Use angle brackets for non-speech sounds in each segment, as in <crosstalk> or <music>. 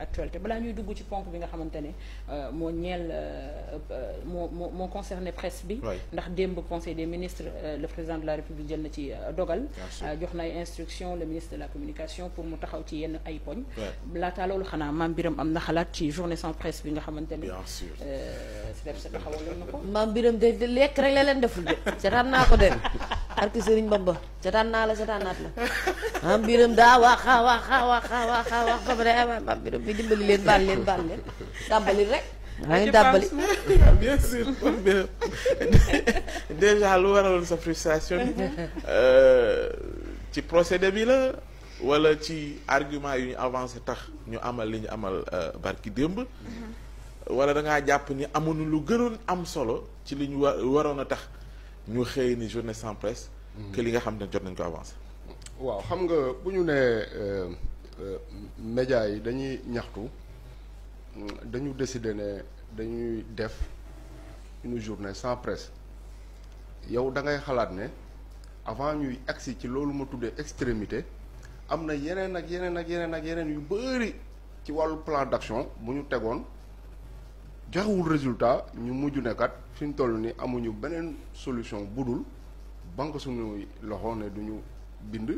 actualité Bala ñuy dugg ci ponk bi nga xamantene euh, mo euh, euh, montagne. Moniel, mon concerné presse bi ndax demb conseil des ministres le président de la république jël na ci dogal jox instruction le ministre de la communication pour mu taxaw ci yenn ay La ta loolu xana mam biram am na xalat ci journée sans presse bi nga xamante Bien sûr. def sa taxawal na ko biram de lek rek la len deful de seetaan ko den. <laughs> barki sëriñ Bamba seetaan naa la seetaanaat la am kha wa kha wa kha wa kha ba pare am birum bi dimbali len bal len bal len dabali rek maa mhm. dabali bien sûr déjà lu waraloon sa frustration ci procédé bi la wala ci argument yu ñu avancer tax ñu amal li ñu amal barki demb wala da nga japp ni amunu lu gënoon am solo ci li warona tax ñu xëy ni journée sans presse. Mm-hmm. que li nga xam ne jot nañ ko avancé. waaw xam nga bu ñu nee euh, euh, médias yi dañuy ñaxtu dañu décider ne dañuy def une journée sans presse yow da ngay xalaat ne avant ñuy agsi ci loolu ma tuddee extrémité am na yeneen ak yeneen ak yeneen ak yeneen yu bëri ci wàllu plan d'action bu ñu tegoon. joxewul résultat ñu mujj ne kat fi ñu toll ni amuñu beneen solution bu dul banque suñu loxo ne duñu bind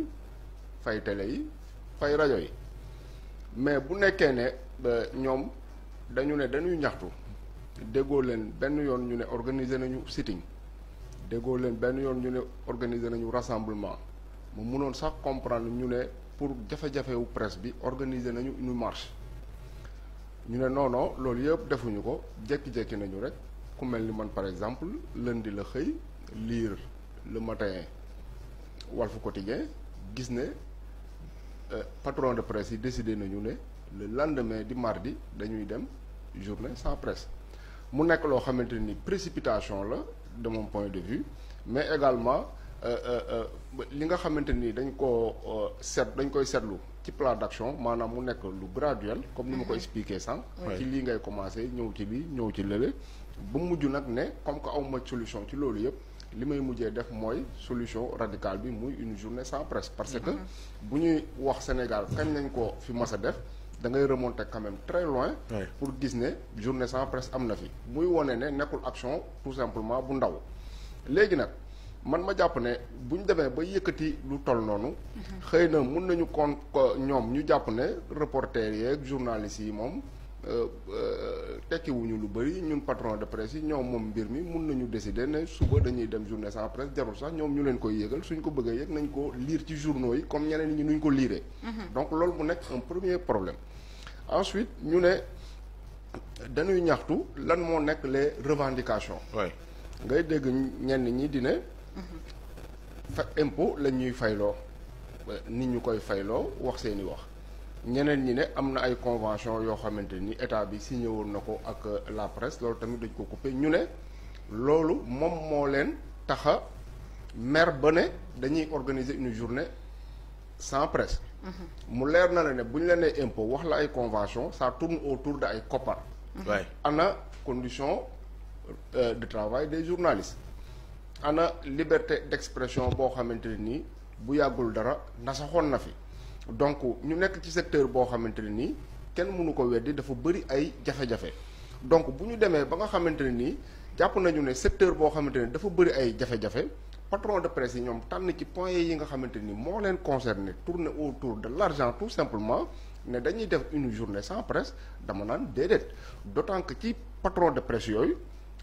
fay télé yi fay rajo yi mais bu nekkee ne ñoom dañu ne dañuy ñaxtu déggoo leen benn yoon ñu ne organiser nañu sitting déggoo leen benn yoon ñu ne organiser nañu rassemblement mu munoon sax comprendre ñu ne pour jafe-jafewu presse bi organiser nañu une marche ñu ne non non nous avons defuñu ko Nous avons nañu rek ku mel man par exemple lundi la xey, lire le matin Walf Quotidien gis euh, patron de presse a décidé nañu ne le lendemain di mardi dañuy dem journée sans presse mu nekk loo xamante une précipitation la de mon point de vue mais également euh, euh, euh, li nga xamante ni dañ ko seet dañ koy ci plan d'action manam mu le lu graduel comme nous ko mhm. expliqué y ci ngay commencé ñew ci bi ñew ci lele bu muju nak ne comme ko awma solution ci lolu yëpp limay may def moy solution radicale bi muy une journée sans presse. parce que mhm. bu ñuy wax Sénégal kañ nañ ko fi mas def da ngay remonter quand même très loin. pour disney journée sans presse amna fi. muy woné né nekul action tout simplement bu ndaw légui nak man ma nous ne buñ défé ba yëkëti lu toll journalistes nous sommes des lu patron de presse yi sommes des mi mën nañu décider suba dañuy dem presse nous sax ñu leen koy yëgal journaux comme ñi mm-hmm. donc lool un premier problème. ensuite ñu avons dañuy les revendications. ngay fa impôt lañ ñuy fayloo Ni ñu koy fayloo wax seeni wax ñeneen ñi ne am na ay convention yoo xamante ni bi signé woon ak euh, la presse loolu tamit dañ ko coupé ñu ne loolu moom moo leen taxa maire ba dañuy organiser une journée sans presse mm-hmm. mu leer na la ne bu ñu la nee impôt wax la ay convention ça tourne autour de ay koppar mm-hmm. ana conditions euh, de travail des journalistes ana liberté d'expression bo xamanteni ne bu yagul dara nasaxoon na fi donc ñu nek ci secteur bo xamanteni ne nii kenn mënu ko weddi dafa bëri ay jafé jafé donc bu ñu demee ba nga xamanteni ne nii nañu né secteur bo xamanteni dafa bëri ay jafé jafé patron de presse ñom tan ci point yi nga xamanteni ni moo leen concerner tourner autour de l'argent tout simplement né dañuy def une journée sans presse dama naan déedéet d'autant que ci patron de presse yooyu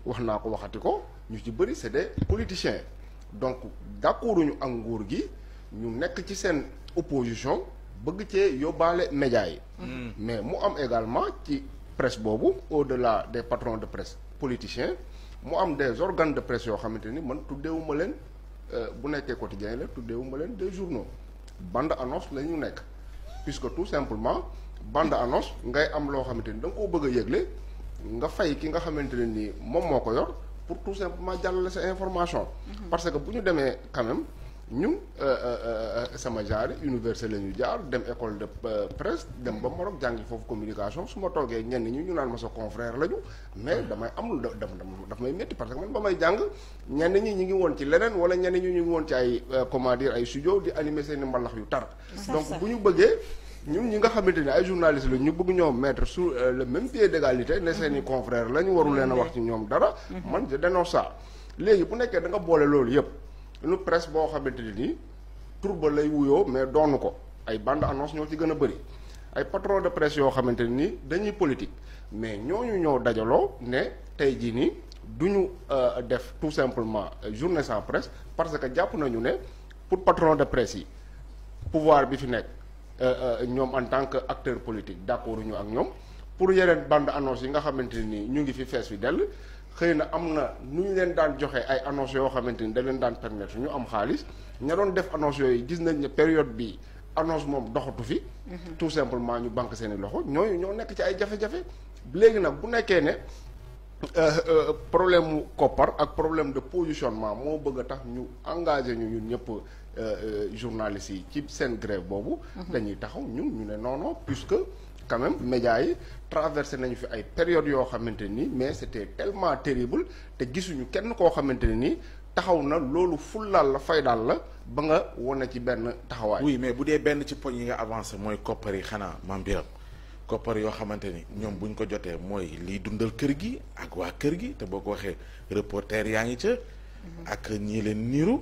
wax naa ko waxati ko ñu ci c'est des politiciens donc d'accord ñu ak nguur gi ñu nekk ci opposition bëgg cee yobale médias yi. Mm. mais mu am également ci presse boobu au-delà des patrons de presse politiciens mu am des organes de presse yoo xamante ni man tuddeewuma leen euh, bu nekkee quotidien la tuddeewuma leen des journaux bande annonce la ñu nekk puisque tout simplement bande annonce ngay am loo xamante ni da nga koo bëgg a yëgle nga fay ki nga xamante ne ni yor. pour tout simplement jàllale sa information. Mhm. parce que bu ñu demee quand même ñun euh, euh, euh, sama jaar université la ñu jaar dem école de presse dem ba Maroc jàngi foofu communication su ma toogee ñenn ñi ñu naan ma sa confrère lañu mais mhm. damay am lu daf may métti parce que man ba may jàng ñenn ñi ñu ngi woon ci leneen wala ñenn ñi ñu ngi woon ci ay comment dire ay studio di animer seen mbalax yu tar. donc bu ñu bëggee. ñun ñi nga xamante ne ay journalistes la ñu bëgg ñoom mettre sur euh, le même pied d'égalité ne seeni confrères la ñu warul leen a wax ci ñoom dara mhm. man je ça léegi bu nekkee da nga boole loolu yëpp une presse boo xamante ne nii tur ba lay wuyoo mais doonu ko ay bande annonce ñoo ci gën a bëri ay patron de presse yoo xamante ne nii dañuy politique mais ñooñu ñoo dajaloo ne tey jii nii du ñu euh, def tout simplement euh, journée sans presse parce que jàpp nañu ne pour patron de presse yi pouvoir bi fi nekk Euh, euh, ñoom en tant que acteur politique d'accord ñu ak ñoom pour yeneen bande annonce yi nga xamante ni ñu ngi fi fees fi dell xëy na am na nu ñu leen daan joxe ay annonce yoo xamante ni da leen daan permettre ñu am xaalis ña doon def annonce yooyu gis nañ ne période bi annonce moom doxatu fi mhm. tout simplement ñu banque seeni loxo ñooñu ñoo nekk ci ay jafe-jafe léegi nag bu nekkee ne euh, problème mu koppar ak problème de positionnement moo bëgg a tax ñu engagé ñu ñun ñëpp Euh, euh, journalistes yi ci seen grève boobu mhm. dañuy taxaw ñun ñu ne non non puisque quand même yi traversé nañu fi ay période yoo xamante nii mais c'était tellement terrible te gisuñu kenn koo xamante ne nii taxaw na loolu fullaal la faydaal la ba nga wane ci benn taxawaay. oui mais bu dee benn ci poñ yi nga avancé mooy koppar yi xanaa maam Biram koppar yoo xamante ni ñoom buñ ko jotee mooy liy dundal kër gi ak waa kër gi te boo ko waxee reporter yaa ngi ca. Mhm. ak ñii leen niiru.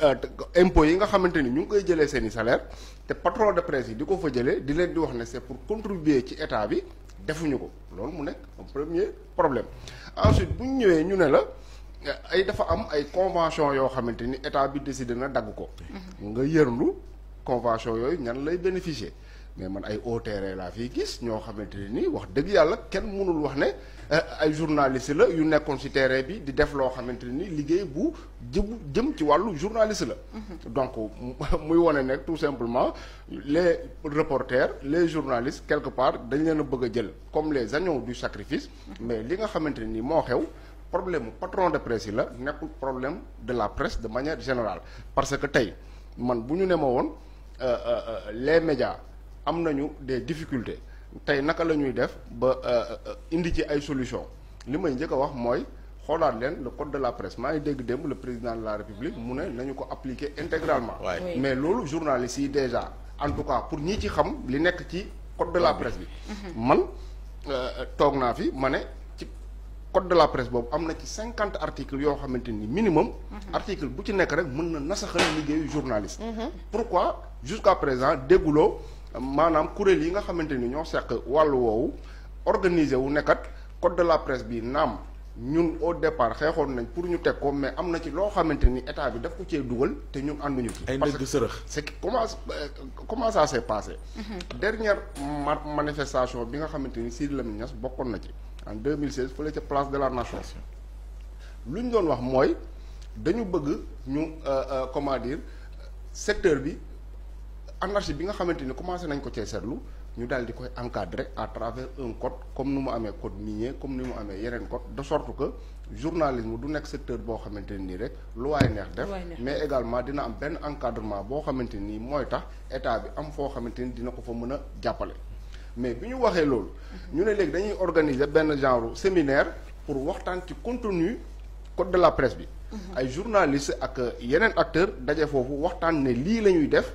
Euh, impôts yi nga xamante ni ñu ngi koy jëlee seen i salaire te patron de presse yi di ko fa jëlee di leen di wax ne c'est pour contribuer ci état bi defuñu ko loolu mu nekk un premier problème ensuite bu ñëwee ñu ne la euh, ay dafa am ay convention yoo xamante ni état bi décidé na dagg ko mm-hmm. nga yërndu convention yooyu ñan lay bénéficier mais man ay hauts terrains laa fiy gis ño xamanteni ni wax deug yalla kenn mënul wax ne euh, ay journaliste la yu nekkon ci terrain bi di def lo xamanteni ni liguey bu jëm ci walu journaliste la. Mm-hmm. donc <laughs> muy woné nekk tout simplement les reporters les journalistes quelque part dañ leen bëgg comme les agneaux du sacrifice. Mm-hmm. mais li nga xamanteni ne xew. problème patron de presse la nekkul problème de la presse de manière générale parce que tay man buñu néma won euh, euh, les médias amener des difficultés tay naka lañuy def ba euh, euh, indi ci ay solution limay may wax moy le code de la presse m'a dégg le président de la république mu ne nañu ko appliquer intégralement mais lolu journaliste déjà en tout cas pour ñi ci xam li nekk ci code de la presse bi mhm. man euh, tok na fi mané ci code de la presse bobu amna ci articles yo xamanteni minimum mhm. article bu ci nekk rek mën na nasaxal journaliste mhm. pourquoi jusqu'à présent dégguloo manam kuréel yi nga xamanteni ñoo seq walu woowu organisé wu nekkat code de la presse bi nam ñun au départ xeexoon nañ pour ñu teg ko mais amna ci lo xamanteni état bi daf ko cee dugal te ñun ànduñu ci. ay ndëgg sërëx parce que comment euh, comment ça s'est passé. Mm-hmm. dernière manifestation bi nga xamanteni ni Lamine Niass bokkon na ci en 2016 fële ci place de la nation. luñ doon wax moy dañu bëgg ñu euh, euh, comment dire secteur bi anarchie bi nga xamanteni ni commencé nañ ko ci setlu ñu dal di koy encadrer à travers un code comme nous amé code minier comme nous amé yeren code de sorte que journalisme du nek secteur bo xamanteni ne rek loi neex def mais également dina am ben encadrement bo xamanteni nii mooy tax état bi am fo xamanteni dina ko fa mëna jappalé mais biñu waxé lool ñu mhm. né léegi dañuy organiser ben genre séminaire pour waxtan ci contenu code de la presse bi mhm. ay journalistes ak yenen acteurs dajé fofu waxtan né li lañuy def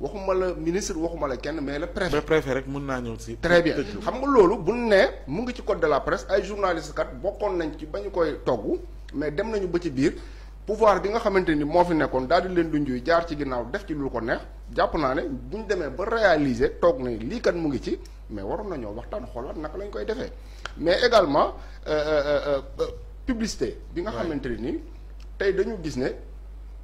waxuma la ministre waxuma la kenn mais le préfet. le préfet rek mun naa ñëw si. très bien xam nga loolu bu ne mu ngi ci code de la presse ay journaliste kat bokkoon nañ ci ba ñu koy togg mais dem nañu ba ci biir pouvoir bi nga xamante ni moo fi nekkoon daal di leen dunjuy jaar ci ginnaaw def ci lu ko neex jàpp naa ne bu demee ba réaliser toog na lii kat mu ngi ci mais waroon nañoo waxtaan xoolaat naka lañ koy defee mais également euh, euh, euh, publicité bi nga xamante ni tey dañu gis ne.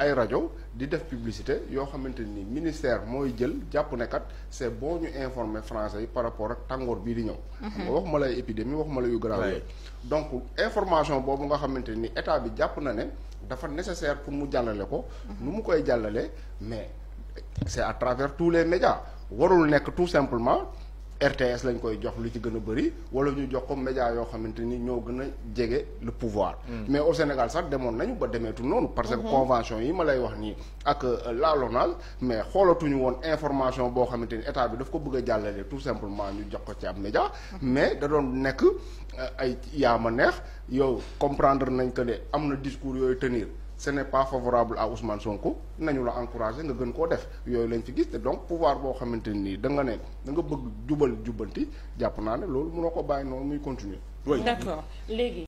ay radio di def publicité yo xamanteni ministère moy jël jàpp ne kat c'est bon ñu informer français yi par rapport ak tangor bi di ñew mhm. waxuma lay épidémie waxuma la yu grave donc information bobu nga xamanteni état bi japp na ne dafa nécessaire pour mu jallalé ko. Mhm. nu mu koy jallalé mais c'est à travers tous les médias warul nek tout simplement. RTS lañ koy jox lu ci gëna bëri wala ñu jox ko média yo xamanteni ñoo gëna a le pouvoir. Hmm. mais au Sénégal sax démon nañu ba demeetu noonu. parce que hmm. convention yi ma lay wax ni ak euh, la LONASE mais ñu won information bo xamanteni état bi daf ko bëgg jallalé tout simplement ñu jox ko ci am média. Hmm. mais da doon nekk euh, ay yaa ma neex yow comprendre nañ que ne amna discours yoy tenir. ce n'est pas favorable à Ousmane Sonko nañu la encouragé nga gën koo def yooyu lañ fi gis te donc pouvoir boo xamante nii danga nga ne da bëgg jubal jubanti jàpp naa ne loolu mënoo ko bàyyi noonu muy continuer. d'accord léegi.